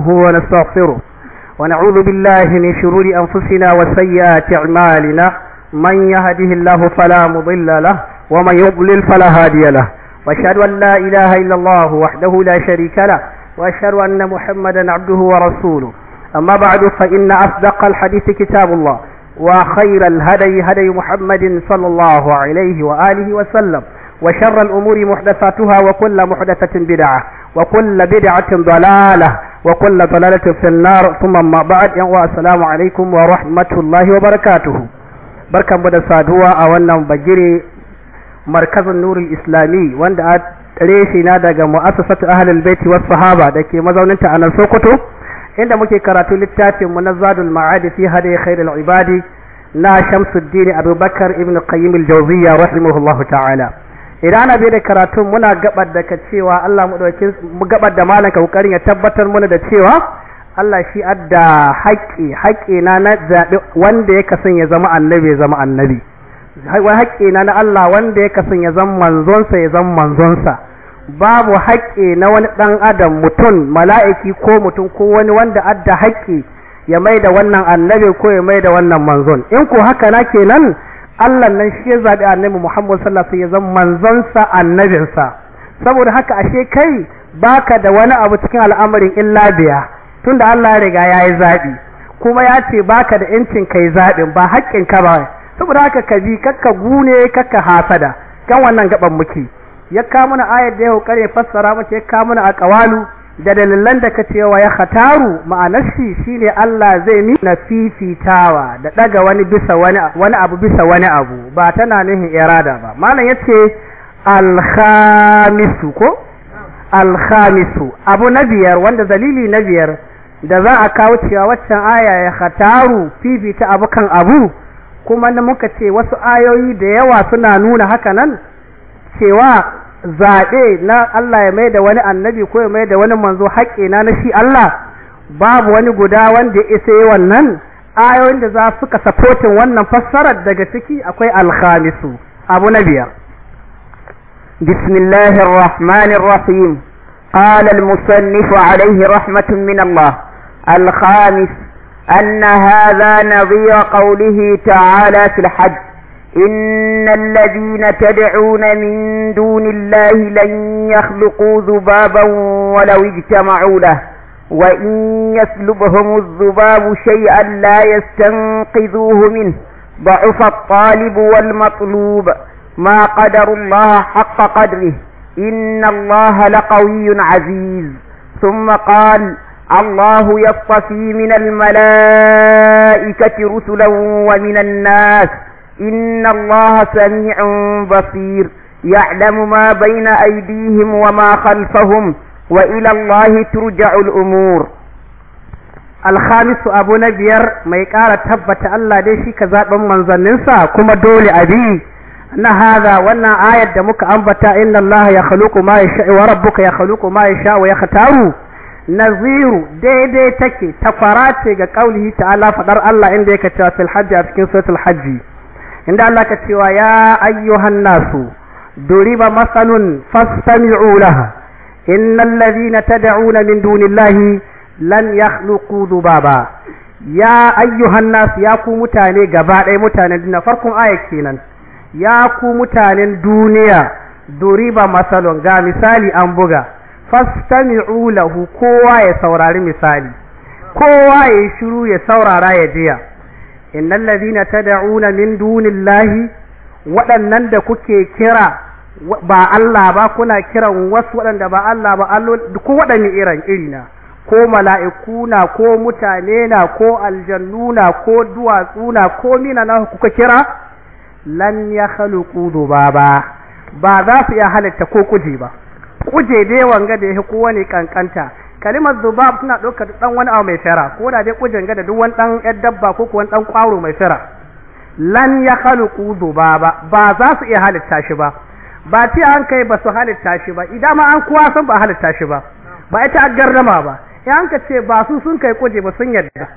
هو نستغفره ونعوذ بالله من شرور أنفسنا وسيئات أعمالنا من يهده الله فلا مضل له ومن يضلل فلا هادي له وأشهد أن لا إله إلا الله وحده لا شريك له وأشهد أن محمدا عبده ورسوله أما بعد فإن أصدق الحديث كتاب الله وخير الهدي هدي محمد صلى الله عليه وآله وسلم وشر الأمور محدثاتها وكل محدثة بدعة وكل بدعة ضلالة وكل ضلالة في النار ثم ما بعد ينوى السلام عليكم ورحمة الله وبركاته بركة مدى سادوة أولا بجري مركز النور الإسلامي واند ريشي نادا مؤسسة أهل البيت والصحابة دكي مزوننت أنا سوكتو عند مكي كراتو للتاتي منزاد المعاد في هذه خير العباد نا شمس الدين أبو بكر ابن قيم الجوزية رحمه الله تعالى idan na bai da karatun muna gabar da ka cewa Allah mu dauke mu gabar da ka kokarin ya tabbatar mana da cewa Allah shi adda haƙƙi haƙƙi na na zabi wanda ya kasan ya zama annabi ya zama annabi wai haƙƙi na na Allah wanda ya kasan ya zama manzonsa ya zama manzonsa babu haƙƙi na wani dan adam mutum mala'iki ko mutum ko wani wanda adda haƙƙi ya mai da wannan annabi ko ya mai da wannan manzon in ko haka na kenan Allah nan shi ya zaɓi annabi Muhammad sallallahu alaihi wasallam manzonsa annabinsa saboda haka ashe kai baka da wani abu cikin al'amarin illa biya tunda Allah ya riga ya yi zaɓi kuma ya ce baka da yancin kai zaɓin ba haƙƙin ka ba saboda haka ka bi kakka gune kakka hasada kan wannan gaban muke ya kawo mana ayar da ya hukare fassara mace ya kawo mana a ƙawalu da dalilan da ka cewa ya khataru ma'anar shi shine Allah zai ni na fifitawa da daga wani bisa wani wani abu bisa wani abu ba tana nihin irada ba malam yace ce. ko Alkhamisu abu na biyar wanda dalili na biyar da za a kawo cewa waccan aya ya khataru fifita abu kan abu kuma da muka ce wasu ayoyi da yawa suna nuna haka nan cewa zabe na Allah ya mai da wani annabi ko ya mai da wani manzo haƙƙi na shi Allah babu wani guda wanda ya isa yi wannan ayoyin da za su ka sapotin wannan fassarar daga ciki akwai alhamisu abu na biyar bismillahir rahmanir rahim qala al musannif alayhi rahmatun min Allah al khamis anna hadha nadhira qawlihi ta'ala fil hajj إن الذين تدعون من دون الله لن يخلقوا ذبابا ولو اجتمعوا له وإن يسلبهم الذباب شيئا لا يستنقذوه منه ضعف الطالب والمطلوب ما قدر الله حق قدره إن الله لقوي عزيز ثم قال الله يصطفي من الملائكة رسلا ومن الناس إن الله سميع بصير يعلم ما بين أيديهم وما خلفهم وإلى الله ترجع الأمور الخامس أبو نبير ما يقال تبت الله ليش كذاب من ظننسا كما دول أبي أن هذا وأن آية دمك أنبتا إن الله يخلق ما يشاء وربك يخلق ما يشاء ويختار نظير دي دي تكي تفراتي قوله تعالى فدر الله عندك في الحج cewa fil hajji inda Allah ka cewa ya ayyuhan nasu duriba masalun fastami'u laha innal ladina tad'una min dunillahi lan yakhluqu dubaba ya ayyuhan nasu ya ku mutane gaba ɗaya mutanen duniya farkon ayat kenan ya ku mutanen duniya duriba masalun ga misali an buga fastami'u lahu kowa ya saurari misali kowa ya shiru ya saurara ya jiya Innan innal ta da'una min dunillahi waɗannan da kuke kira ba Allah ba kuna kiran wasu waɗanda ba Allah ba ko waɗanne irin irina ko mala'iku na ko mutane na ko na ko duwatsu na ko mina na kuka kira lan ya haluku dubaba ba za su iya halitta ko kuje ba kuje dai wanga da ya ko wani kankanta kalimar zubab suna ɗaukar ɗan wani abu mai fera ko da dai kujanga gada duk wani ɗan ƴar dabba ko kuwa ɗan ƙwaro mai fera lan ya khaluqu zubaba ba za su iya halitta shi ba ba ti an kai ba su halitta shi ba idan ma an kowa sun ba halitta shi ba ba ita a garrama ba in an ka ce ba su sun kai kuje ba sun yarda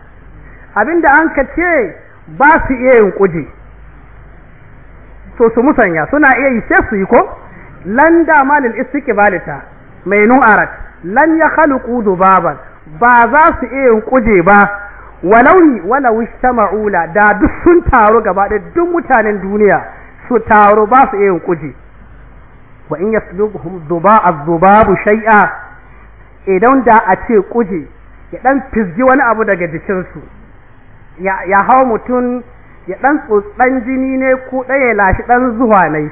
abinda an ka ce ba su iya yin kuje to su musanya suna iya yi sai su yi ko lan da malil istiqbalita mai nun arat lan ya khalqu dubaban ba za su iya kuje ba walau walau ishtama'ula da duk sun taru gaba da duk mutanen duniya su taru ba su iya kuje wa in yasluquhum dhuba'az dubabu shay'a idan da a ce kuje ya dan fizgi wani abu daga jikinsu ya ya hawo mutun ya dan tsotsan jini ne ko ya lashi dan zuwa ne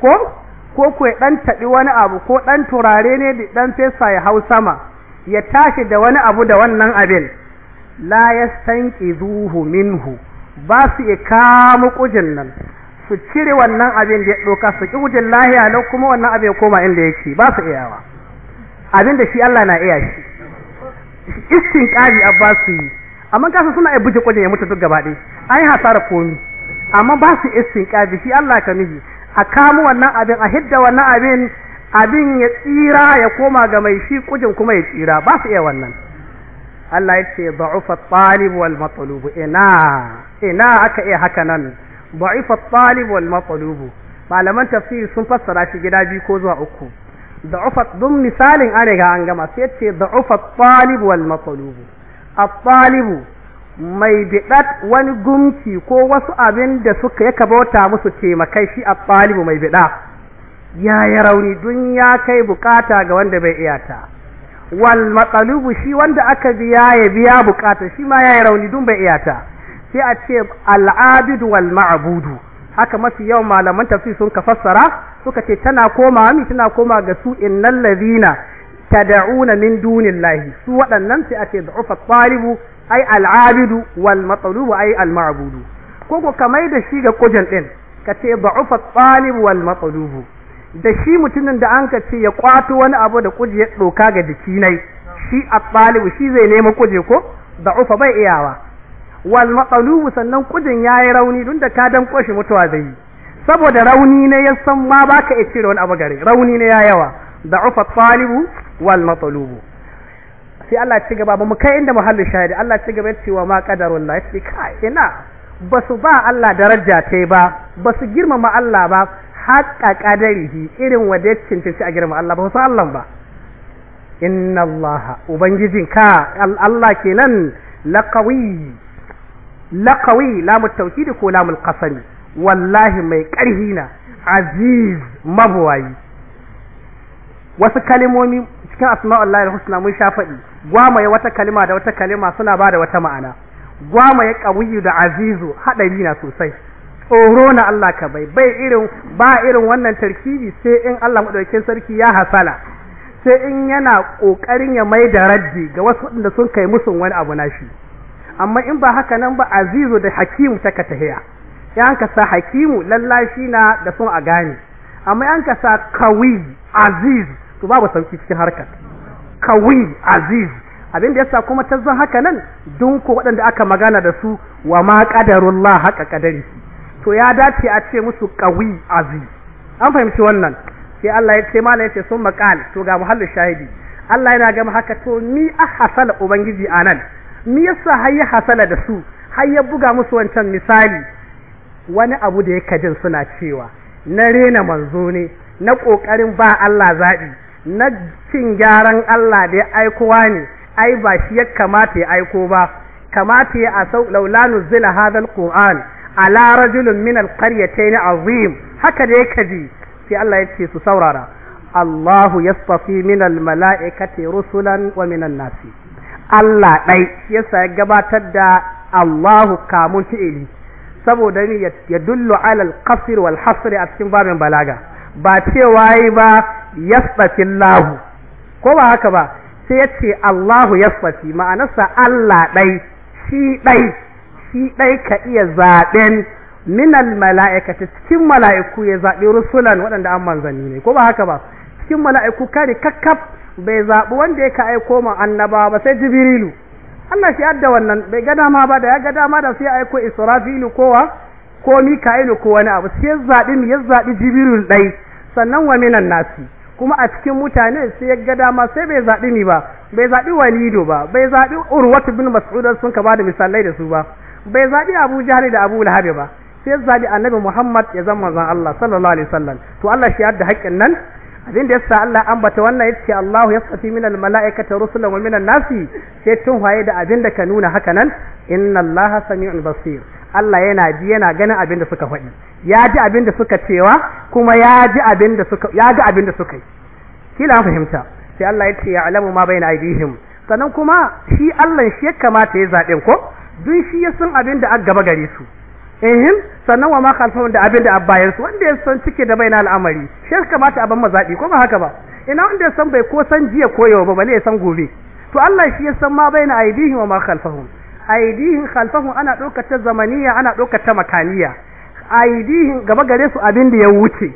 ko ko kuwa ɗan taɓi wani abu ko ɗan turare ne da ɗan fesa ya hau sama ya tashi da wani abu da wannan abin la zuhu minhu ba su iya kamu kujin nan su cire wannan abin da ya ɗauka su ƙi kujin lahiya lau kuma wannan abin ya koma inda yake ba su iyawa abin da shi Allah na iya shi istin ƙari a ba su yi amma kasa suna iya buje kujin ya mutu duk gaba ɗaya an yi hasara komi amma ba su istin ƙari shi Allah ka miji a kamu wannan abin a hidda wannan abin abin ya tsira ya koma ga mai shi kujin kuma ya tsira ba su iya wannan Allah ya ce ba'ufa talib wal matlub ina ina aka iya haka nan ba'ufa talib wal matlub malaman tafsiri sun fassara shi gida biyu ko zuwa uku da'ufa dun misalin an ga an gama sai ce da'ufa talib wal matlub at talibu mai bidat wani gumki ko wasu abin da suka ya kabauta musu taimakai shi a mai biɗa ya yi rauni don ya kai bukata ga wanda bai iyata wal matsalubu shi wanda aka biya ya biya bukata shi ma ya yi rauni don bai iyata sai a ce al'abidu wal ma'abudu haka mafi yawan malaman tafsir sun ka fassara suka ce tana koma mi tana koma ga su innal ladina tad'una min dunillahi su waɗannan sai a ce da'ufa talibu ai al'abidu wal ai al-ma'budu ko ko kamai da shi ga kujan din kace ce ba'ufa talib wal da shi mutumin da an ka ce ya kwato wani abu da kuje ya doka ga jiki nai shi at talib shi zai nemi kuje ko ba'ufa bai iyawa wal matsalubu sannan kujin yayi rauni dun da ka dan koshi mutuwa zai saboda rauni ne ya san ma baka iya cire wani abu gare rauni ne ya yawa da'ufa talibu wal matsalubu sai Allah ci gaba ba mu kai inda muhallin shahidi Allah ci gaba wa ma qadarullah yace kai ina basu ba Allah daraja ta ba basu girmama Allah ba haƙa qadarihi irin wanda ya shi a girma Allah ba su Allah ba inna Allah ubangijin ka Allah kenan laqawi laqawi lamut tawkid ko lamul qasami wallahi mai ƙarhi na aziz mabwayi wasu kalimomi cikin asma'ullahi husna mun sha faɗi gwamaye wata kalima da wata kalima suna ba da wata ma'ana gwamaye qawiyu da azizu haɗari na sosai tsoro na Allah ka bai bai irin ba irin wannan tarkibi sai in Allah madaukakin sarki ya hasala sai in yana kokarin ya mai da raddi ga wasu da sun kai musu wani abu na shi, amma in ba haka nan ba azizu da hakimu ta katahiya yan ka sa hakimu lallashi na da sun a gane amma yan ka sa kawi aziz to babu sauki cikin harkar kawi aziz abin da yasa kuma ta zan haka nan dun ko waɗanda aka magana da su wa ma qadarullah haka kadari to ya dace a ce musu kawi aziz an fahimci wannan sai Allah ya ce mala ce sun maqal to ga muhallin shahidi Allah yana ga haka to ni a hasala ubangiji anan ni yasa har ya hasala da su har ya buga musu wancan misali wani abu da ya jin suna cewa na rena manzo ne na ƙoƙarin ba Allah zaɓi na cin gyaran Allah da ya aikowa ne ai ba shi ya kamata ya aiko ba kamata ya a asau laula nuzila hadha alquran ala rajulin min alqaryatayn azim haka da ya kaji, sai Allah ya ce su saurara Allahu yastafi min almalaikati rusulan wa min an Allah Allah ɗai sa ya gabatar da Allahu kamun fi'ili saboda ni ya dullu ala wal hasri a cikin babin balaga ba cewa yi ba yasfafin lahu ko ba haka ba sai ya ce Allahu yasfafi ma'anarsa Allah ɗai shi ɗai shi ɗai ka iya zaɓen minal mala'ikata, cikin mala'iku ya zaɓi rusulan waɗanda an manzanni ne ko ba haka ba cikin mala'iku kare kakkaf bai zaɓi wanda ya ka aiko ma annaba ba sai jibrilu Allah shi adda wannan bai ga dama ba da ya ga dama da sai aiko Israfilu kowa ko Mika'ilu ko wani abu sai zaɓi ya zaɓi Jibril dai sannan wa minan nasi kuma a cikin mutane sai ya ga dama sai bai zaɓi ni ba bai zaɓi walido ba bai zaɓi urwatu bin mas'ud sun ka bada misalai da su ba bai zaɓi abu jahali da abu lahabi ba sai zaɓi annabi muhammad ya zama zan allah sallallahu alaihi wasallam to allah shi yadda haƙƙin nan abin da yasa Allah ambata wannan yace Allahu yasfi min almalaikati rusulan wa min nasi sai tun waye da abin da ka nuna haka nan inna Allaha sami'un basir Allah yana ji yana ganin abin da suka faɗi ya ji abin da suka cewa kuma ya ji abin da suka ya ga abin da suka yi kila fahimta sai Allah ya ce ya alamu ma bayna aidihim sannan kuma shi Allah shi ya kamata ya zaɓen ko duk shi ya san abin da aka gaba gare su ehim sannan wa ma khalfahum da abin da abbayan su wanda ya san cike da bayna al'amari shi ya kamata a ban mazabi ko ba haka ba ina wanda ya san bai ko san jiya ko yau ba bale ya san gobe to Allah shi ya san ma bayna aidihim wa ma khalfahum aidihin khalfahu ana ɗaukar ta zamaniya ana ɗaukar ta makaniya aidihin gaba gare su abin da ya wuce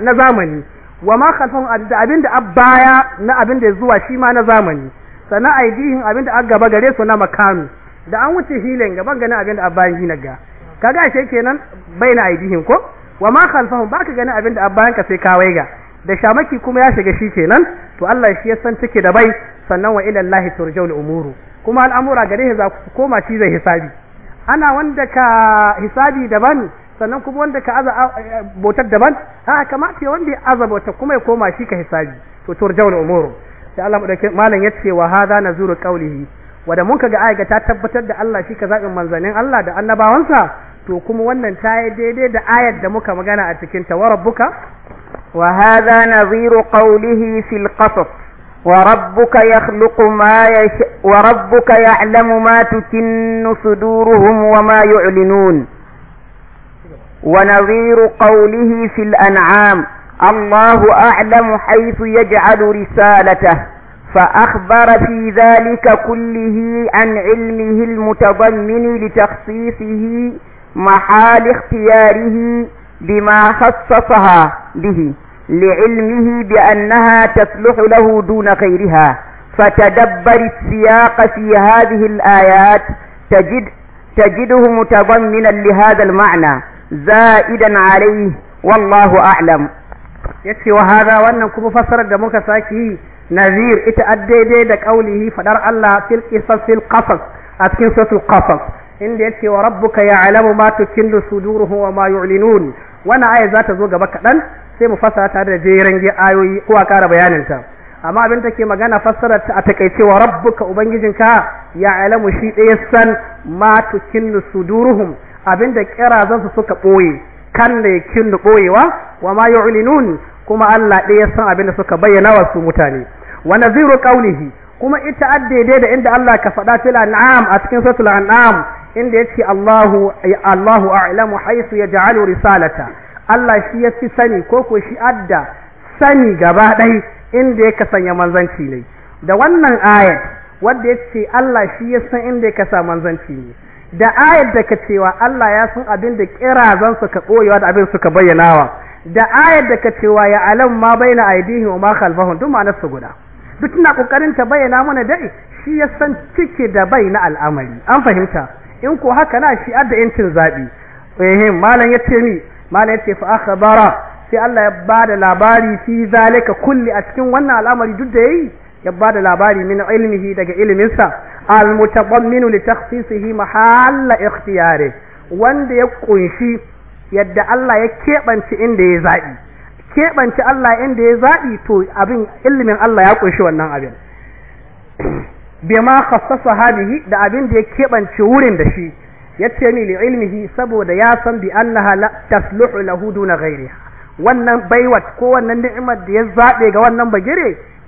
na zamani wa ma khalfahu da abin da baya na abin da zuwa shi ma na zamani sannan aidihin abin da gaba gare su na makanu da an wuce hilin gaban ganin abin da bayan hina ga kaga shi kenan baina aidihin ko wa ma ba ka ganin abin da bayan ka sai kawai ga da shamaki kuma ya shiga shi kenan to Allah shi ya san take da bai sannan wa ila Allah turja'ul umuru kuma al'amura gare za ku koma shi zai hisabi ana wanda ka hisabi daban sannan kuma wanda ka aza eh, botar daban a kamata ya wanda ya aza botar kuma ya koma shi ka hisabi to turjaul umuru sai Allah madauke malam yace wa hadha nazuru qawlihi wanda mun kaga ayyuka ta tabbatar da Allah shi ka zabin manzanin Allah da annabawansa to kuma wannan ta yi daidai da ayar da muka magana a cikin ta wa rabbuka wa hadha naziru qawlihi fil qasas وربك يخلق ما يشاء وربك يعلم ما تكن صدورهم وما يعلنون ونظير قوله في الأنعام الله أعلم حيث يجعل رسالته فأخبر في ذلك كله عن علمه المتضمن لتخصيصه محال اختياره بما خصصها به لعلمه بأنها تصلح له دون غيرها فتدبر السياق في هذه الآيات تجد تجده متضمنا لهذا المعنى زائدا عليه والله أعلم يكفي وهذا وأن كم فسر الدموكة ساكي نذير اتأدي دا قوله فدر الله في القصص في القصص أتكن القصص إن يكفي وربك يعلم ما تكن صدوره وما يعلنون وأنا آية ذات زوجة بكتن sai mu fasa tare da jeren ayoyi ko a kara bayanin ta amma abin take magana fassarar ta a takaice wa rabbuka ubangijinka ya alamu shi ɗaya san ma tukinnu suduruhum abin da su suka ɓoye kan da yakinnu ɓoyewa wa ma yu'linun kuma Allah ɗaya san abin da suka bayyana wa su mutane wa naziru qawlihi kuma ita addaidai da inda Allah ka faɗa fil an'am a cikin suratul an'am inda yake Allahu Allahu a'lamu haythu yaj'alu risalata Allah shi ya fi sani ko ko shi adda sani gaba ɗai inda ya kasanya manzanci ne da wannan ayat wadda ya ce Allah shi ya san inda ya kasa manzanci ne da ayat da ka cewa Allah ya san abin da kirazan suka ɓoyewa da abin suka bayyanawa da ayat da ka cewa ya alam ma baina aidihi wa ma khalfahum duk ma'anar su guda duk tana kokarin ta bayyana mana dai shi ya san cike da bai na al'amari an fahimta in ko haka na shi adda yancin zabi eh malam ya ce ni mala yace fa akhbara sai Allah ya bada labari fi zalika kulli a cikin wannan al'amari duk da yayi ya bada labari min ilmihi daga ilminsa al mutaqamminu li takhsisihi mahalla ikhtiyari wanda ya kunshi yadda Allah ya keɓance inda ya zaɓi keɓance Allah inda ya zaɓi to abin ilimin Allah ya kunshi wannan abin bima khassasa hadihi da abin da ya keɓance wurin da shi yace ni li ilmihi saboda ya san bi annaha la tasluhu lahu duna ghayriha wannan baiwat ko wannan ni'imar da ya zabe ga wannan bagire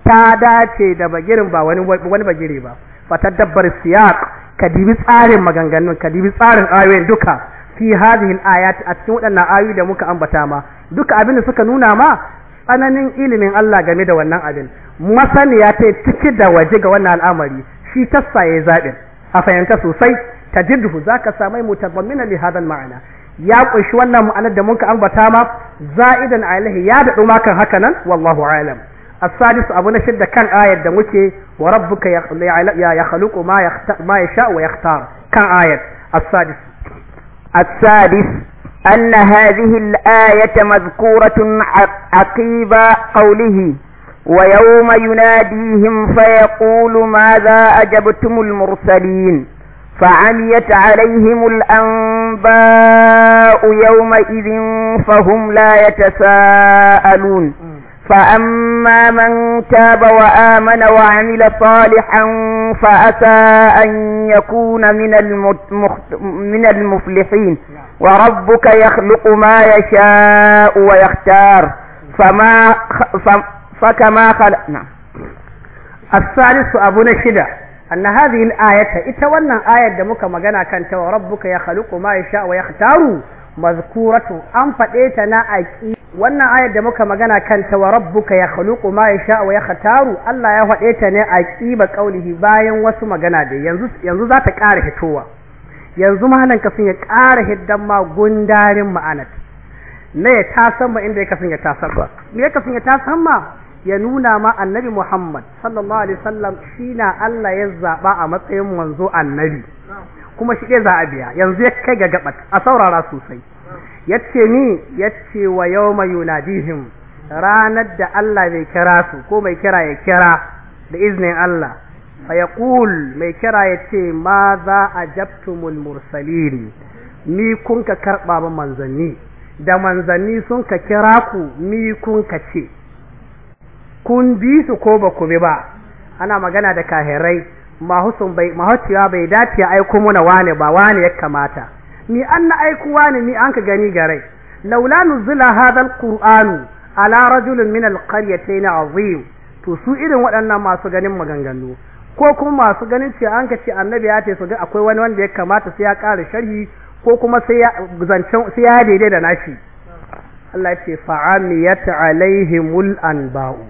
ta dace da bagirin ba wani wani bagire ba tadabbar siyaq ka dibi tsarin maganganun ka dibi tsarin ayoyin duka fi hadhihi ayat a cikin waɗannan ayoyi da muka ambata ma duka abin da suka nuna ma tsananin ilimin Allah game da wannan abin masaniya ta ciki da waje ga wannan al'amari shi tassa ya a fahimta sosai تجده ذاك سامي متضمنا لهذا المعنى يا اشوانا معنى دمونك أنبا تاما زائدا عليه يا دعوماك هكنا والله عالم السادس أبونا شد كان آية دموكي وربك يخلق ما, ما يشاء ويختار كان آية السادس السادس أن هذه الآية مذكورة عقيب قوله ويوم يناديهم فيقول ماذا أجبتم المرسلين فعميت عليهم الأنباء يومئذ فهم لا يتساءلون فأما من تاب وآمن وعمل صالحا فأتى أن يكون من, من المفلحين وربك يخلق ما يشاء ويختار فما فكما خلقنا نعم. الثالث أبو نشدة anna ayata ita wannan ayar da muka magana kan ta rabbuka ya khaliqu ma yasha wa yakhtaru mazkuratu an fade ta wannan ayar da muka magana kan ta rabbuka ya khaliqu ma yasha wa yakhtaru Allah ya fade ta ne aqi ba qaulihi bayan wasu magana da yanzu za ta ƙara hitowa yanzu ƙara hiddan ma ya inda ya kafin ya tasamma me ya kafin ya tasamma ya nuna ma annabi Muhammad sallallahu alaihi wasallam na Allah ya zaba a matsayin manzo annabi kuma shi za a biya yanzu ya kai ga gabat a saurara sosai yace ni yace wa yawma yunadihim ranar da Allah bai kira su ko mai kira ya kira da iznin Allah fa yaqul mai kira yace ma za ajabtumul mursalin ni kun ka karba ba manzanni da manzanni sun ka kira ku ni kun ka ce kun bi su ko ba ku bi ba ana magana da kahirai mahusun bai mahaciya bai dace aiko muna wane ba wane ya kamata ni an na aiko wane ni an ka gani garai laula nuzila hadal qur'an ala rajulin min al-kar qaryatayn azim to su irin waɗannan masu ganin maganganu ko kuma masu ganin ce an ka ce annabi ya ce su ga akwai wani wanda ya kamata sai ya ƙara sharhi ko kuma sai ya zancen sai ya daidai da nashi Allah ya ce fa'amiyat alaihimul anba'u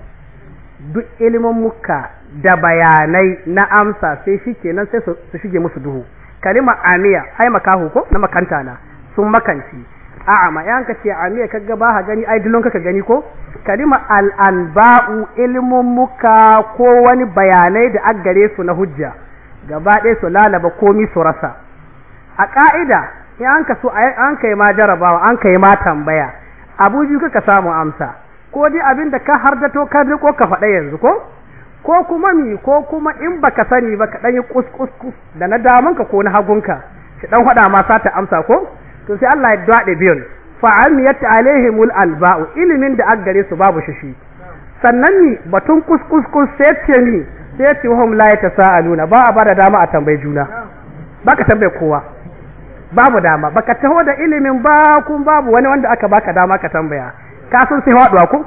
duk ilimin muka da bayanai na amsa sai shi kenan sai su shige musu duhu kalima amiya ai makahu ko na makanta na sun makanci a'a ma yan ka ce amiya ka ga ba gani ai dilon ka gani ko kalima al'alba'u ilimin muka ko wani bayanai da aggare su na hujja gaba ɗaya su lalaba komi su rasa a ka'ida in an ka so ma jarabawa an kai ma tambaya abuju kaka samu amsa ko dai abin da ka hardato ka riko ka faɗa yanzu ko ko kuma mi ko kuma in baka sani ba ka dan yi kus da na damanka ko na hagunka shi ɗan faɗa ma sata amsa ko to sai Allah ya daɗe biyun fa amiyat alaihimul alba'u ilimin da aggare su babu shishi sannan ni batun kun sai ce ni sai ce hum la tasaluna ba a bada dama a tambayi juna baka tambaye kowa babu dama baka taho da ilimin ba kun babu wani wanda aka baka dama ka tambaya ka san sai faduwa ko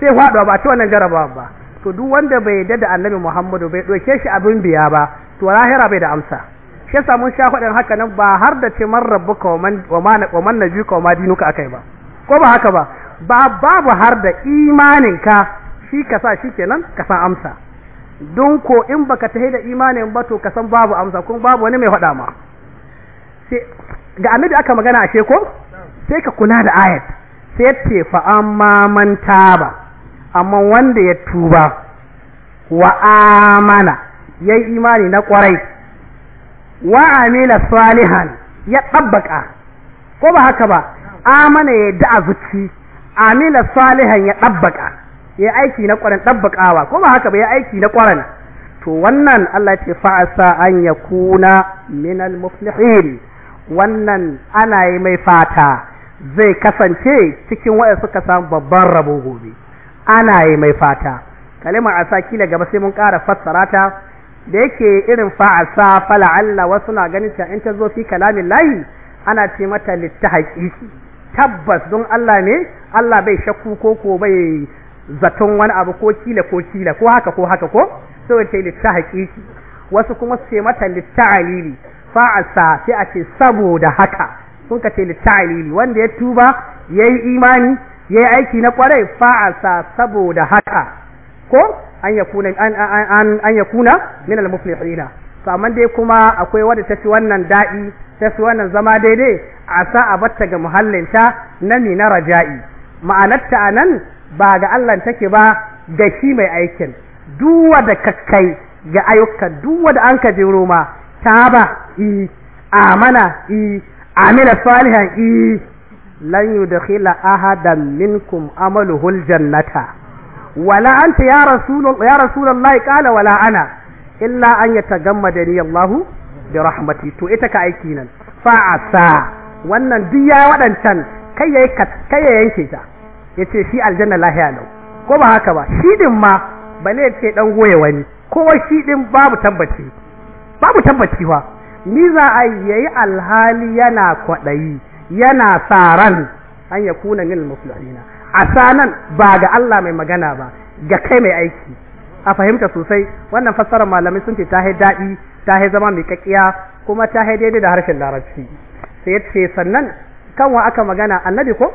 sai faduwa ba ta wannan jarabawa ba to duk wanda bai yarda da annabi Muhammadu bai doke shi abin biya ba to lahira bai da amsa shi yasa mun sha faɗin haka nan ba har da ce man rabbuka wa man wa man najuka wa ma akai ba ko ba haka ba ba babu har da imaninka shi ka sa shi kenan ka san amsa don ko in baka ta da imanin ba to ka san babu amsa kun babu wani mai faɗa ma ga annabi aka magana ashe ko sai ka kula da ayat sai ce fa amma man taba amma wanda ya tuba wa amana yayi imani na kwarai wa amila salihan ya dabbaka ko ba haka ba amana ya da zuci amila salihan ya dabbaka ya aiki na kwarin dabbakawa ko ba haka ba ya aiki na kwarin to wannan Allah ce fa'asa an yakuna minal muflihin wannan ana yi mai fata zai kasance cikin waya suka samu babban rabo gobe ana yi mai fata kalimar asa kila gaba sai mun ƙara fassara ta da yake irin fa'asa fala'alla wasu na ganin ta in ta zo fi kalamin layi ana ce mata littahaqiqi tabbas don Allah ne Allah bai shakku ko ko bai zaton wani abu ko kila ko kila ko haka ko haka ko sai ta littahaqiqi wasu kuma su ce mata litta'alili fa'asa sai a ce saboda haka sun ka ce littalili wanda ya tuba ya yi imani ya yi aiki na kwarai fa'asa saboda haka ko an ya kuna min al mufli to saman dai kuma akwai wadda ta fi wannan daɗi ta fi wannan zama daidai a sa a batta ga muhallinta na mi raja'i ma'anarta nan ba ga Allah take ba ga shi mai aikin duwa da kakkai ga ayyukan duwa da an ka je roma ta ba i amana i amina salihan i lan yudkhila ahadan minkum amaluhu aljannata wala anta ya rasul ya rasulullah qala wala ana illa an yatagammadani Allah bi rahmati to ita ka aiki nan fa asa wannan duk ya wadancan kai yayi kai ya yanke ta yace shi aljanna lahiya alau ko ba haka ba shi din ma bane yace dan goye wani ko shi din babu tabbaci babu tabbaci ba. ni za a yi alhali yana kwaɗayi yana tsaran an ya kuna min musulina a sanan ba ga Allah mai magana ba ga kai mai aiki a fahimta sosai wannan fassarar malamai sun ce ta hai daɗi ta hai zama mai kakkiya kuma ta hai daidai da harshen larabci sai ya ce sannan kan wa aka magana annabi ko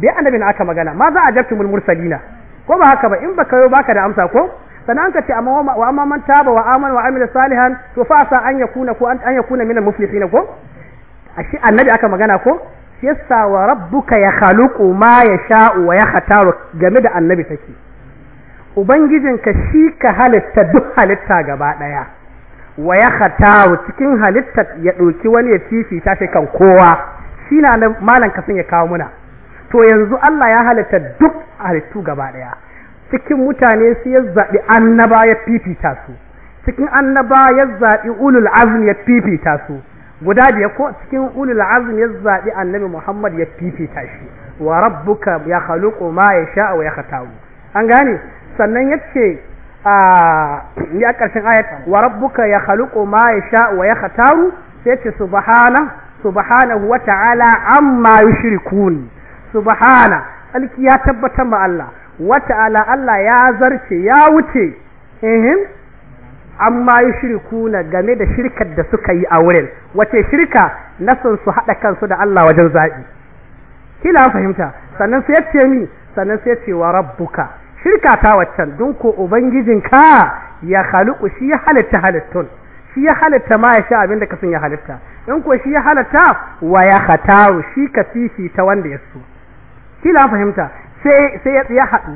bai na aka magana ma za a jabtumul mulmursalina ko ba haka ba in baka ba baka da amsa ko sannan ka ce amma wa amma man taba wa amana wa amila salihan to fa sa an yakuna ko an yakuna minal muflihin ko ashi annabi aka magana ko yassa wa rabbuka ya khaluqu ma yasha'u wa yakhtaru game da annabi take ka shi ka halitta duk halitta gaba daya wa yakhtaru cikin halitta ya doki wani ya fifita shi kan kowa shi na malan sun ya kawo muna to yanzu Allah ya halitta duk halittu gaba daya cikin mutane su ya zaɓi annaba ya fifita su cikin annaba ya zaɓi ulul azmi ya fifita su guda biyar ko cikin ulul azmi ya zaɓi annabi Muhammad ya fifita shi wa rabbuka ya khaluqu ma yasha wa yakhtaru an gane sannan yace a ya karshen ayat wa rabbuka ya khaluqu ma yasha wa yakhtaru sai yace subhana subhanahu wa ta'ala amma yushrikun subhana alki ya tabbatar ma Allah wata ala Allah ya zarce ya wuce ehin amma yushrikuna game da shirkar da suka yi a wurin wace shirka nasan su hada kansu da Allah wajen zabi kila fahimta sannan sai yace mi sannan sai yace wa rabbuka shirka ta waccan dun ko ubangijinka ya khaliqu shi ya halitta halittun shi ya halitta ma ya sha abin da kasan ya halitta in ko shi ya halitta wa ya khatau shi ka fifi ta wanda ya so kila fahimta sai sai ya haɗu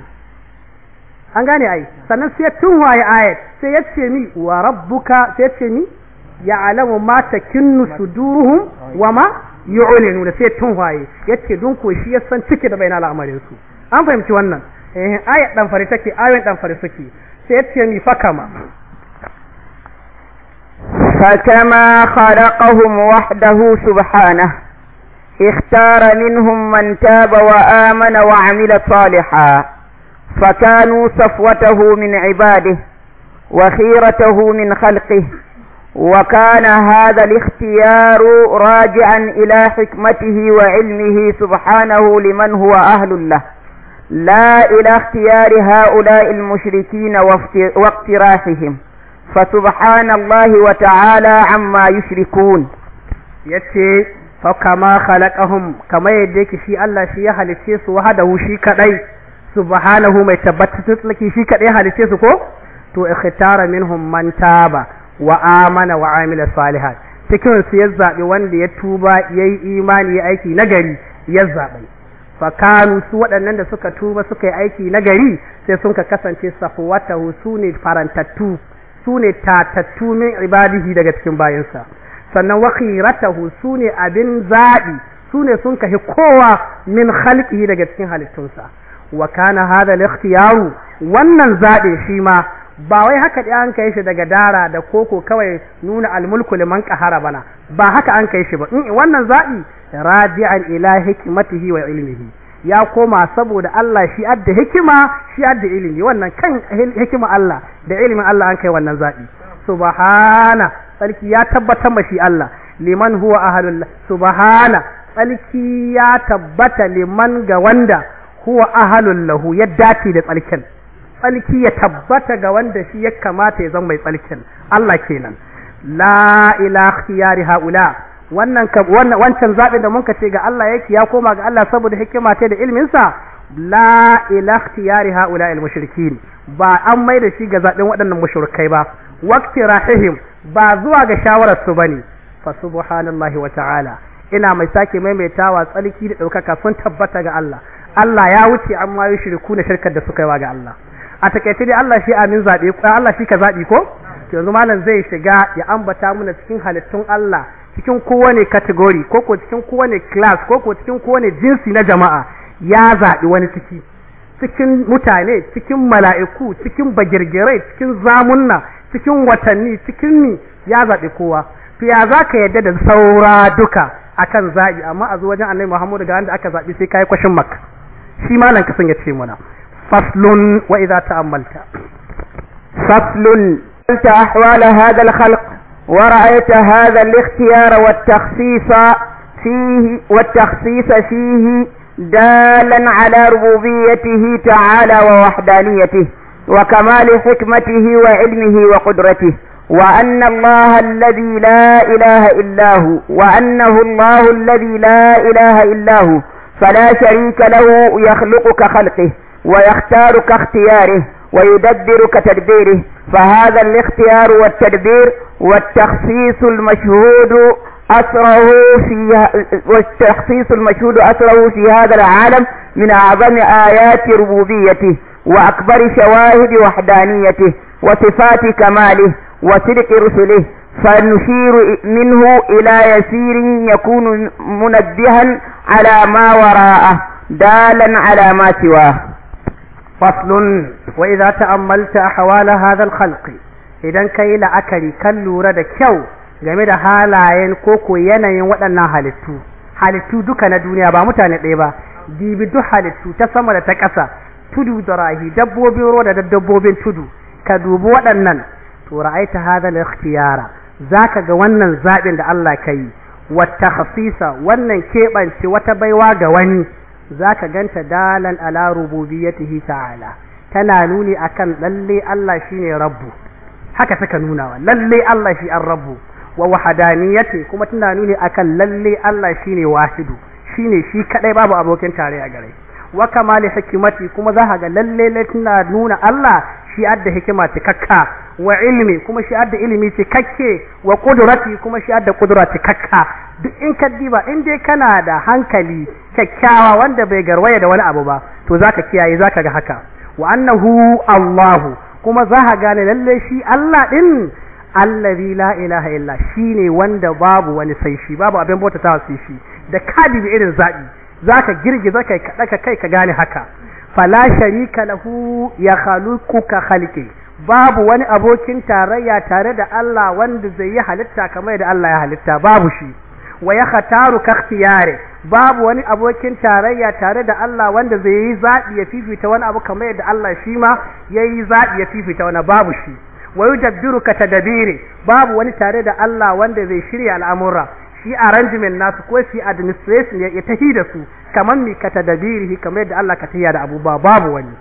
an gane ai sannan sai tunwaye ayat sai ya ce ni wa rabbuka sai ya ce ni ya alamu ma su duruhun wa ma da sai tunwaye ce don ko shi ya san cike da bayan al'amarin su an fahimci wannan eh ayat dan fari take ayat dan fari suke sai ya ce ni fakama fakama khalaqahum wahdahu subhanahu اختار منهم من تاب وآمن وعمل صالحا فكانوا صفوته من عباده وخيرته من خلقه وكان هذا الاختيار راجعا إلى حكمته وعلمه سبحانه لمن هو أهل له لا إلى اختيار هؤلاء المشركين واقتراحهم فسبحان الله وتعالى عما يشركون يكفي fa kama khalaqahum kama yadda yake shi Allah shi ya halice su wahdahu shi kadai subhanahu mai tabbata tsaki shi kadai halice su ko to ikhtara minhum man taba wa amana wa amila salihat cikin su ya zabi wanda ya tuba yayi imani ya aiki nagari ya zabi fa kanu su waɗannan da suka tuba suka yi aiki nagari sai sun ka kasance safwatahu sune farantattu sune tatattu min ibadihi daga cikin bayansa sannan wa su ne abin zaɓi sune sun kahi kowa min khalqihi daga cikin halittunsa wa kana hada al-ikhtiyaru wannan zaɓe shi ma ba wai haka dai an kai shi daga dara da koko kawai nuna al-mulku liman qahara bana ba haka an kai shi ba wannan zaɓi radi'an ila hikmatihi wa ilmihi ya koma saboda Allah shi adda hikima shi adda ilimi wannan kan hikima Allah da ilimin Allah an kai wannan zaɓi subhana tsarki ya tabbatar mashi Allah liman huwa ahlul subhana tsarki ya tabbata liman ga wanda huwa ahlul lahu ya dace da tsarkin tsarki ya tabbata ga wanda shi ya kamata ya zama mai tsarkin Allah kenan la ila khiyari haula wancan zaɓin da mun ce ga Allah yake ya koma ga Allah saboda hikima ta da ilminsa la ila ikhtiyari haula al mushrikin ba an mai da shi ga zaɓin waɗannan mushrikai ba waqti rahihim ba zuwa ga shawarar su bane fa subhanallahi wa ta'ala ina mai sake maimaitawa tsarki da daukaka sun tabbata ga Allah Allah ya wuce an ma shirku na shirkar da suka yi wa ga Allah a takaice dai Allah shi amin zabe Allah shi ka zabi ko yanzu malam zai shiga ya ambata muna cikin halittun Allah cikin kowane category ko ko cikin kowane class ko ko cikin kowane jinsi na jama'a ya zaɓi wani ciki cikin mutane cikin mala'iku cikin bagirgirai cikin zamunna cikin watanni cikin ni ya zaɓi kowa to ya zaka yadda da saura duka akan zabi amma a zo wajen annabi Muhammad ga wanda aka zabi sai kai yi kwashin maka shi malam kasan ya ce muna faslun wa idza ta'ammalta faslun al-khalq wa تحوال هذا الخلق ورأيت هذا الاختيار والتخصيص فيه والتخصيص فيه دالا على ربوبيته تعالى ووحدانيته وكمال حكمته وعلمه وقدرته وأن الله الذي لا إله إلا هو وأنه الله الذي لا إله إلا هو فلا شريك له يخلق كخلقه ويختار كاختياره ويدبر كتدبيره فهذا الاختيار والتدبير والتخصيص المشهود أسره في والتخصيص المشهود أسره في هذا العالم من أعظم آيات ربوبيته وأكبر شواهد وحدانيته وصفات كماله وصدق رسله فنشير منه إلى يسير يكون منبها على ما وراءه دالا على ما سواه فصل وإذا تأملت أحوال هذا الخلق إذا كي لأكري كاللورة كيو game da halayen koko yanayin waɗannan هالتو halittu duka na duniya ba دي بدو هالتو تسمى duk tudu da rahi dabbobin ruwa da dabbobin tudu ka dubi waɗannan to ra'aita hadal ikhtiyara zaka ga wannan zaɓin da Allah yi wa khasisa wannan keɓance wata baiwa ga wani zaka ganta dalan ala rububiyyatihi ta'ala tana nuni akan lalle Allah shine rabbu haka take nunawa lalle Allah shi an rabbu wa wahadaniyati kuma tana nuni akan lalle Allah shine wahidu shine shi kadai babu abokin tare a gare wa kamali hikimati kuma za ga lalle tana nuna Allah shi adda hikima cikakka wa ilmi kuma shi adda ilimi cikakke wa kudrati kuma shi adda kudura cikakka duk in ka diba in dai kana da hankali kyakkyawa wanda bai garwaya da wani abu ba to zaka kiyaye zaka ga haka wa annahu Allahu kuma za gane lalle shi Allah din allazi la ilaha illa shine wanda babu wani sai shi babu abin bautatawa sai shi da kadibi irin zabi zaka girgiza kai ka ka kai ka gane haka fala sharika lahu ya khaluquka khalqi babu wani abokin tarayya tare da Allah wanda zai yi halitta kamar da Allah ya halitta babu shi wa ya khataru ka ikhtiyare babu wani abokin tarayya tare da Allah wanda zai yi zabi ya fifita wani abu kamar da Allah shi ma yayi zabi ya fifita wani babu shi wa yudabbiru ka tadabiri babu wani tare da Allah wanda zai shirya al'amura shi arrangement nasu ko shi administration ya tahi da su kamar mi ka tadabirihi kamar yadda Allah ka tiya da abubuwa babu wani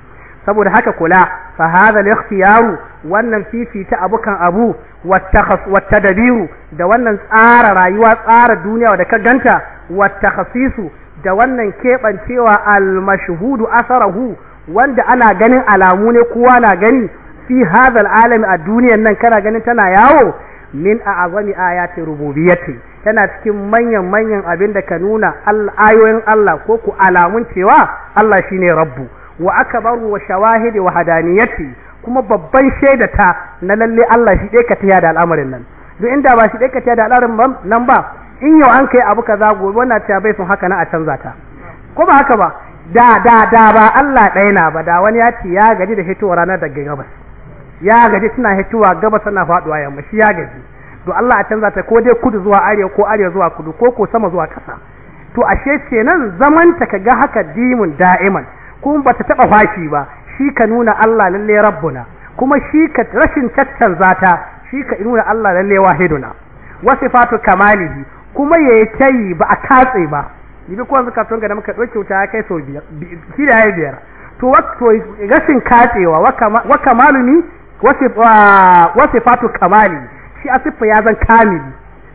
saboda haka kula fa hadha al wannan fifita abukan abu wata dabiru da wannan tsara rayuwa tsara duniya da ka ganta wata khasisu da wannan keɓancewa al-mashhudu asarahu wanda ana ganin alamu ne kowa na gani fi hadha al-alami a duniyan nan kana ganin tana yawo min a'azami ayati rububiyyati tana cikin manyan manyan abin da ka nuna ayoyin Allah ko ku alamun cewa Allah shine rabbu wa akbaru wa shawahidi wa hadaniyati kuma babban shaidata na lalle Allah shi dai ka tiya da al'amarin nan duk inda ba shi dai ka tiya da al'amarin nan ba in yau an kai abu kaza gobe wannan ta bai sun haka na a canza ta ko ba haka ba da da da ba Allah ɗaya na ba da wani ya ce ya gaji da hitowa ranar daga gabas ya gaji suna hitowa gabas suna faɗuwa yamma shi ya gaji to Allah a canza ta ko dai kudu zuwa arewa ko arewa zuwa kudu ko ko sama zuwa kasa to ashe kenan zaman ta kaga haka dimun da'iman kuma bata taba fashi ba shi ka nuna Allah lalle rabbuna kuma shi ka rashin caccan ta shi ka nuna Allah lalle wahiduna wasifatu kamalihi kuma yi tayi ba a katse ba yibi kuwa zaka tunga da muka dauke wuta kai sau biyar shi da ya biyar to wato rashin katsewa wa kamalumi wasifatu kamalihi. shi a siffa ya zan kamili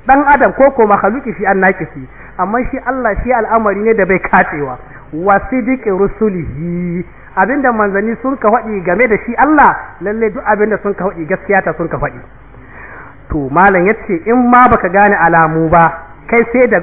dan adam ko ko makhluki shi an nakisi amma shi Allah shi al'amari ne da bai kacewa wasidiqi rusulihi abinda manzani sun ka faɗi game da shi Allah lalle duk abinda sun ka faɗi gaskiya ta sun ka faɗi to malam yace in ma baka gane alamu ba kai sai da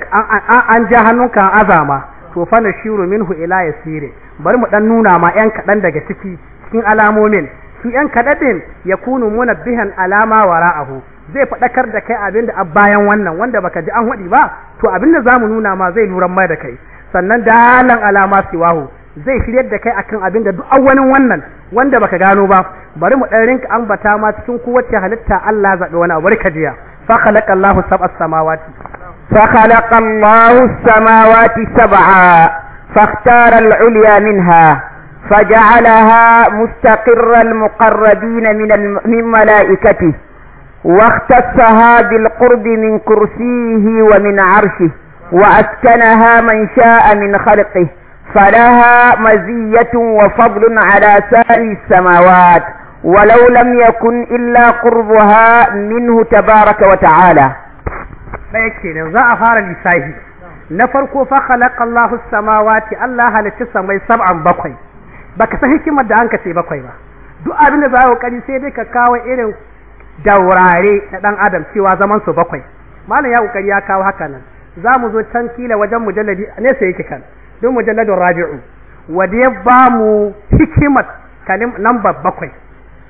an ja hannunka azama to fa nashiru minhu ila yasire bari mu ɗan nuna ma yan kadan daga ciki cikin alamomin su yan kadadin yakunu munabbihan alama wara'ahu zai fadakar da kai abinda a bayan wannan wanda baka ji an hadi ba to abinda zamu nuna ma zai lura mai da kai sannan dalan alama siwahu zai shiryar da kai akan abinda duk awwanin wannan wanda baka gano ba bari mu dan rinka ambata ma cikin kowace halitta Allah zabe wani abu barka jiya fa khalaqallahu sab'as samawati fa khalaqallahu samawati sab'a فاختار العليا منها فجعلها مستقر المقربين من, من ملائكته واختصها بالقرب من كرسيه ومن عرشه وأسكنها من شاء من خلقه فلها مزية وفضل على سائر السماوات ولو لم يكن إلا قربها منه تبارك وتعالى ɗaya za a fara lissafi na farko fa khalaqa Allahu samawati Allah halitta samai sab'an bakwai baka san hikimar da anka ce bakwai ba duk abin da za ka kokari sai dai ka kawo irin daurare na ɗan adam cewa zaman su bakwai malam ya kokari ya kawo haka nan za mu zo can kila wajen mujalladi ne sai yake kan don mujalladin rabi'u wanda ya ba mu hikimat kalim bakwai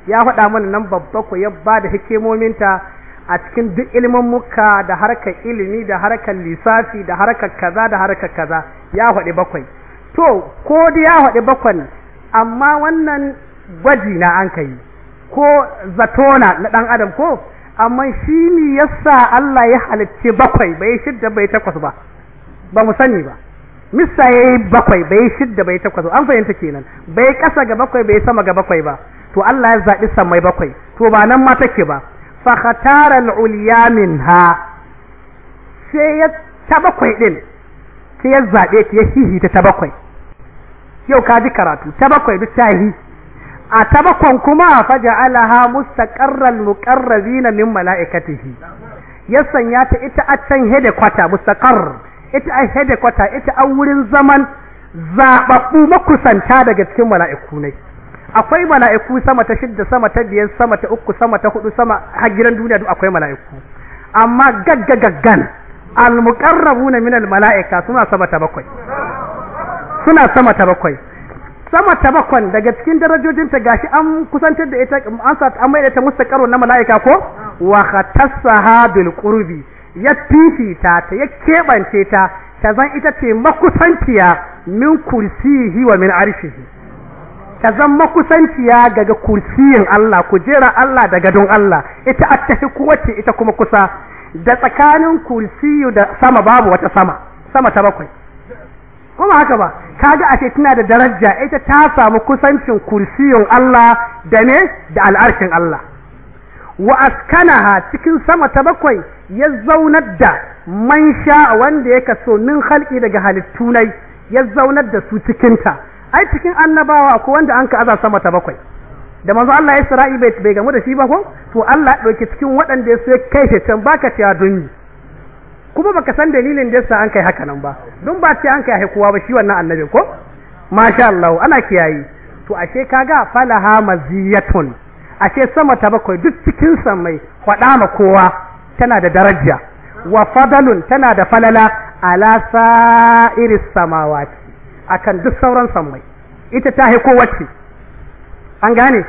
ya faɗa mana namba bakwai ya ba da hikimominta a cikin duk ilimin muka da harkar ilimi da harkar lissafi da harkar kaza da harkar kaza ya faɗi bakwai to ko da ya faɗi bakwai amma wannan gwaji na an kai ko zatona na dan adam ko amma shi ne ya sa Allah ya halicce bakwai bai shidda bai takwas ba ba mu sani ba missa yi bakwai bai shidda bai takwas an fahimta kenan bai kasa ga bakwai bai sama ga bakwai ba to Allah ya zaɓi samai bakwai to ba nan ma take ba fa khatara al-ulya minha sai ya ta bakwai din sai ya zaɓe ta ya hihi ta bakwai yau ka ji karatu ta bakwai duk ta hihi a ta bakon kuma faja'alaha mustaqarral muqarrabina min mala'ikatihi ya sanya ta ita a can hede kwata mustaqarr ita a hede kwata ita a wurin zaman zababbu makusanta daga cikin mala'iku ne akwai mala'iku sama ta shidda sama ta biyar sama ta uku sama ta hudu sama hagiran gidan duniya duk akwai mala'iku amma gagga gaggan al muqarrabuna min al mala'ika suna sama ta bakwai suna sama ta bakwai sama ta bakwai daga cikin darajojinta gashi an kusantar da ita an sa an mai da ta mustaqarrun na malaika ko wa khatassaha bil qurbi ya tifi ta ya keɓance ta ta zan ita ce makusanciya min kursiyi wa min arshihi ta zan makusanciya daga kursiyin Allah kujera Allah daga don Allah ita attahi kuwace ita kuma kusa da tsakanin kursiyu da sama babu wata sama sama ta bakwai ko ba haka ba kaga ashe tana da daraja ita ta samu kusancin kursiyon Allah da ne da al'arshin Allah wa askanaha cikin sama ta bakwai ya zaunar da man sha wanda ya kaso min halki daga halittu nai ya zaunar da su cikin ta ai cikin annabawa ko wanda an ka aza sama ta bakwai da manzo Allah ya sara'i bai bai gamu da shi ba ko to Allah ya dauki cikin waɗanda ya so ya kai shi can baka ta dunyi kuma baka san dalilin da yasa an kai haka nan ba don ba ce an kai kuwa ba shi wannan annabi ko masha Allah ana kiyaye to ashe kaga falaha maziyatun ashe sama ta bakwai duk cikin samai faɗa ma kowa tana da daraja wa fadalun tana da falala ala sa'iris samawati akan duk sauran samai ita ta haiko wacce an gane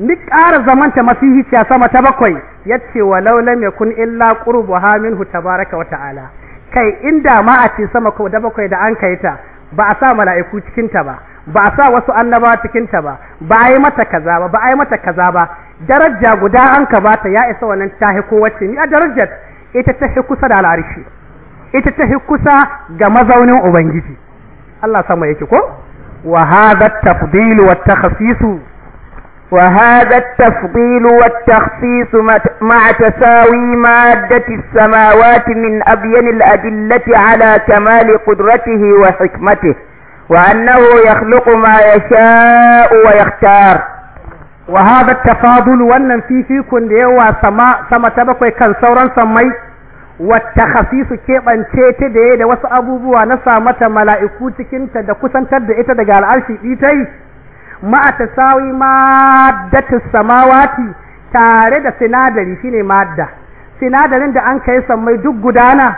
ni ƙara zamanta masihiciya sama ta bakwai ya ce wa walau mai kun illa qurbuha ta baraka wa ta'ala kai inda ma a ce sama ko da bakwai da an kai ta ba a sa mala'iku cikinta ba ba a sa wasu annaba cikinta ba ba a yi mata kaza ba ba a yi mata kaza ba daraja guda an ka bata ya isa wannan ta ko wacce ni a darajar ita ta hi kusa da al'arishi, ita ta hi kusa ga mazaunin ubangiji Allah sama yake ko wa hadha at-tafdil wa at وهذا التفضيل والتخصيص مع تساوي مادة السماوات من أبين الأدلة على كمال قدرته وحكمته وأنه يخلق ما يشاء ويختار وهذا التفاضل وأن في فيكم ديوا سماء سماء تبقى كان سورا سمي والتخصيص كيف أن تيتي دي دي وسأبوبوا نسا ملائكو تكين تدكسا تدئت دقال عرشي إيتي a tasawi maddatu samawati tare da sinadari shine madda sinadarin da an kai sammai duk gudana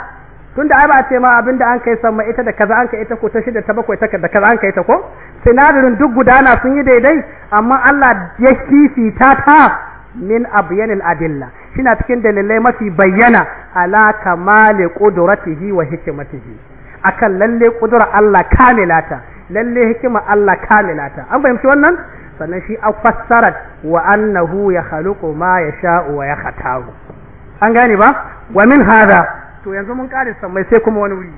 tunda ai ba a ce ma da an kai sammai ita da kaza an kai ita ko ta shida ta bakwai ta da kaza an kai ta ko sinadarin duk gudana sun yi daidai amma Allah ya kifi ta min abyanil adilla shina cikin dalilai mafi bayyana ala kamali qudratihi wa hikmatihi akan lalle kudura Allah kamilata lalle hikima Allah kamila ta an fahimci wannan sannan shi a fassarar wa annahu ya khaluqu ma yasha'u wa yakhtaru an gane ba wa min hada to yanzu mun kare san mai sai kuma wani wuri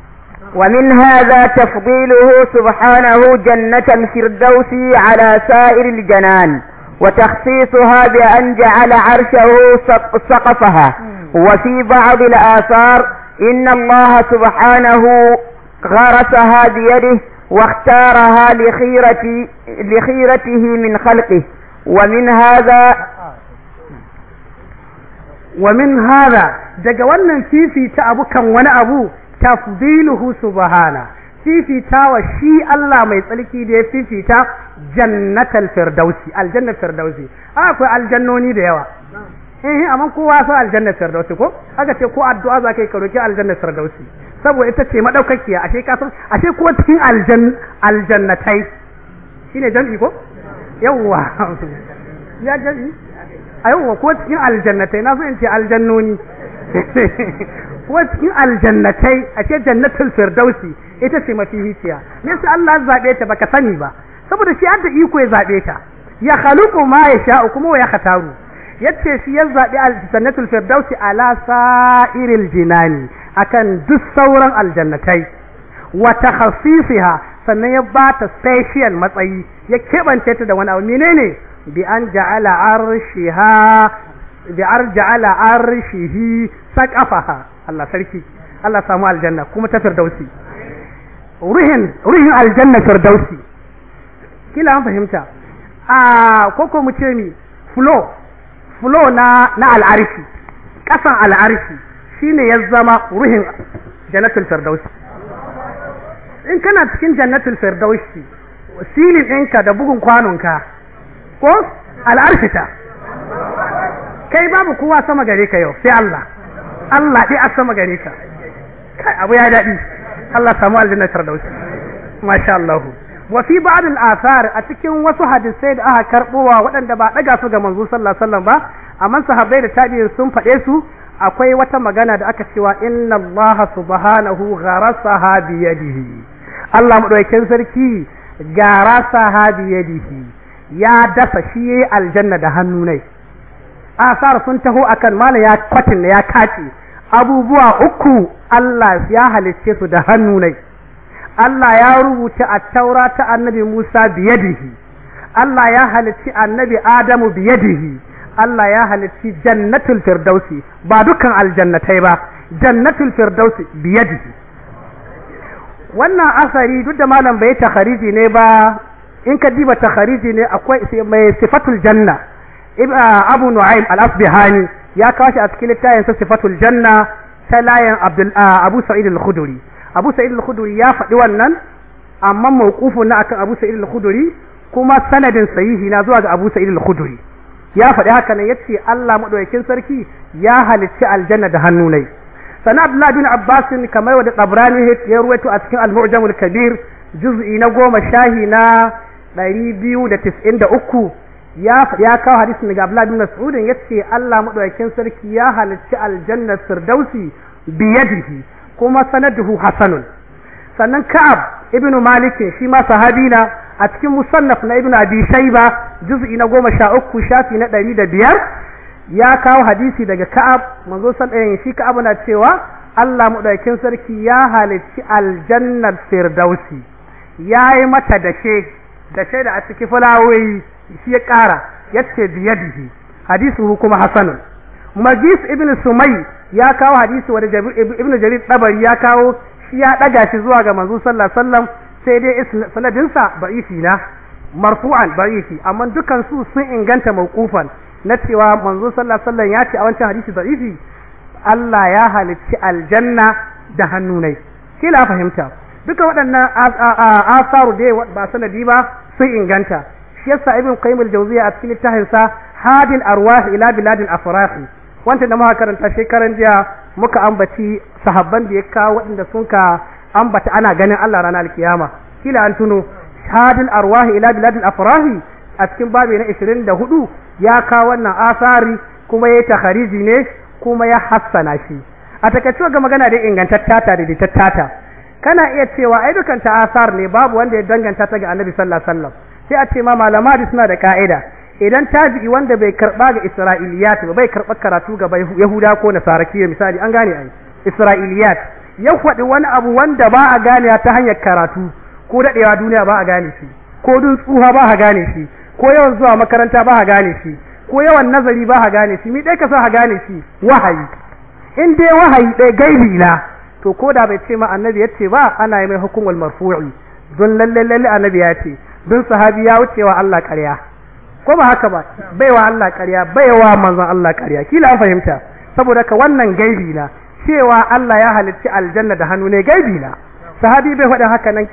wa min hada tafdiluhu subhanahu ومن هذا تفضيله سبحانه janan wa takhsisuha bi an ja'ala 'arshahu saqafaha wa fi ba'd al-athar inna الله subhanahu غرسها بيده واختارها لخيرة لخيرته من خلقه ومن هذا ومن هذا daga wannan fifita abu kan wani abu tafdiluhu subhana fifita wa shi Allah mai tsarki da ya fifita jannatal firdausi aljannatul firdausi akwai aljannoni da yawa eh amma kowa sa aljannatul firdausi ko aka ce ko addu'a zakai ka roki aljannatul firdausi saboda ita ce madaukakiya ashe ka san ashe kuma cikin aljan aljannatai shine jam'i ko yawwa ya jam'i ayawwa ko cikin aljannatai na so in ce aljannoni ko cikin aljannatai ashe jannatul firdausi ita ce mafi hisiya me yasa Allah ya zabe ta baka sani ba saboda shi adda iko ya zabe ta ya khaluqu ma yasha kuma ya khataru yace shi ya zabi aljannatul firdausi ala sa'iril jinani akan duk sauran aljannatai wa takhasisiha sannan ya ba ta special matsayi ya kebance ta da wani abu menene bi an ja'ala arshiha bi arja'ala arshihi saqafaha Allah sarki Allah samu aljanna kuma ta firdausi ruhin ruhin aljanna firdausi kila an fahimta a koko mu ce mi flow flow na na al'arshi kasan al'arshi shine ya zama ruhin jannatul firdausi in kana cikin jannatul firdausi silin ɗinka da bugun kwanonka ko al'arshita kai babu kowa sama gare ka yau sai Allah Allah dai a sama gare ka kai abu ya daɗi Allah samu aljanna firdausi masha Allah wa fi ba'd al-athar a cikin wasu hadisai da aka karbowa waɗanda ba daga su ga manzo sallallahu alaihi wasallam ba amma sahabbai da tabi'in sun faɗe su akwai wata magana da aka cewa inna Allah subhanahu gharasaha bi yadihi Allah madaukakin sarki garasaha bi yadihi ya dasa shi aljanna da hannunai ne asar sun taho akan mala ya kwatin ya kace abubuwa uku Allah ya halicce su da hannu ne Allah ya rubuta a taura ta annabi Musa biyadihi Allah ya halicci annabi Adamu biyadihi Allah ya halicci jannatul firdausi ba dukkan aljannatai ba jannatul firdausi biyadihi wannan asari duk da malam bai takhariji ne ba in ka diba takhariji ne akwai mai sifatul janna uh, abu nu'aym al-asbihani ya kawo a cikin littafin sa sifatul janna ta layan abdul uh, abu sa'id al-khudri abu sa'id al-khudri ya faɗi wannan amma mawqufu na akan abu sa'id al-khudri kuma sanadin sahihi na zuwa ga abu sa'id al-khudri ya faɗi haka nan ce Allah madaukakin sarki ya halicci aljanna da hannu ne sanan Abdullah bin Abbas kamar wanda Tabrani ya ruwaito a cikin Al-Mu'jam kabir juz'i na goma shahi na 293 ya ya kawo hadisin daga Abdullah bin Mas'ud ce Allah madaukakin sarki ya halicci aljanna firdausi biyadihi kuma sanaduhu hasanun sannan Ka'ab ibn Malik shi ma sahabi na a cikin musannaf na ibn abi shayba juz'i na 13 shafi na 105 ya kawo hadisi daga ka'ab manzo sallallahu shi ka'ab na cewa Allah mudaukin sarki ya halicci aljannar firdausi yayi mata dashe dashe da a cikin fulawoyi shi ya kara yace biyadihi hadisi kuma hasanun majis ibn Sumay ya kawo hadisi da ibn jarir dabari ya kawo shi ya daga shi zuwa ga manzo sallallahu alaihi wasallam sai dai sanadinsa ba'ifi na marfu'an ba'ifi amma dukan su sun inganta mawqufan na cewa manzo sallallahu alaihi wasallam ya ce a wancan hadisi ba'ifi Allah ya halicci aljanna da hannu ne kila fahimta duka waɗannan asaru dai ba sanadi ba sun inganta shi yasa ibn qayyim al-jawziyya a cikin littafin hadin hadil arwah ila biladil afrah wanda da muka karanta shekaran jiya muka ambaci sahabban da ya kawo waɗanda sun ka An bata ana ganin Allah ranar alkiyama kila an tuno shahadul arwahi ila biladil afrahi a cikin babi na 24 ya kawo wannan asari kuma yayi tahariji ne kuma ya hassana shi a takaice ga magana da ingantattata da ditattata kana iya cewa ai dukan ta asar ne babu wanda ya danganta ta ga Annabi sallallahu alaihi wasallam sai a ce ma malama da suna da ka'ida idan tabi'i wanda bai karba ga Isra'iliyat ba bai karba karatu ga Yahuda ko Nasara misali an gane ai Isra'iliyat ya faɗi wani abu wanda ba a gane ta hanyar karatu ko daɗewa duniya ba a gane shi ko dun tsuha ba a gane shi ko yawan zuwa makaranta ba a gane shi ko yawan nazari ba a gane shi mi dai ka sa a gane shi wahayi in dai wahayi ɗaya gaibi na to ko da bai ce ma annabi ya ce ba ana yi mai hukumar marfu'i don lalle lalle annabi ya ce don sahabi ya wuce wa Allah ƙarya ko ba haka ba baiwa Allah ƙarya baiwa manzon Allah ƙarya kila an fahimta saboda ka wannan gaibi na cewa Allah ya halicci aljanna da hannu ne gaibi na sahabi bai faɗin haka nan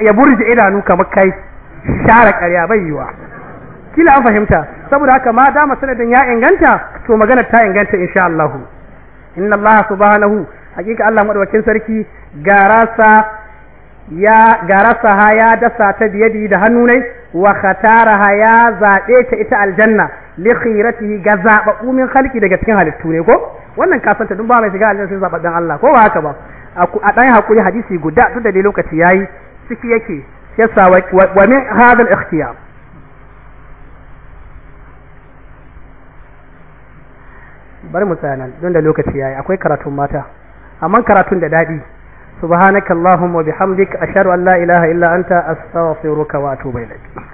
ya burge idanu kamar kai share ƙarya bai yiwa kila an fahimta saboda haka ma dama sanadin ya inganta to magana ta inganta insha Allah inna Allah subhanahu hakika Allah madawakin sarki garasa ya garasa ha ya dasa ta biyadi da hannu ne wa ha ya zabe ta ita aljanna li khiratihi ga zaɓaɓɓu umin khalqi daga cikin halittu ne ko wannan kasanta dun ba mai shiga aljanna sai dan Allah ko ba haka ba a dan hakuri hadisi guda duk da dai lokaci yayi ciki yake yasa wa min hadha al-ikhtiyar bari mu tsaya nan don da lokaci yayi akwai karatun mata amma karatun da dadi subhanakallahumma wa bihamdika ashhadu an la ilaha illa anta astaghfiruka wa atubu ilaik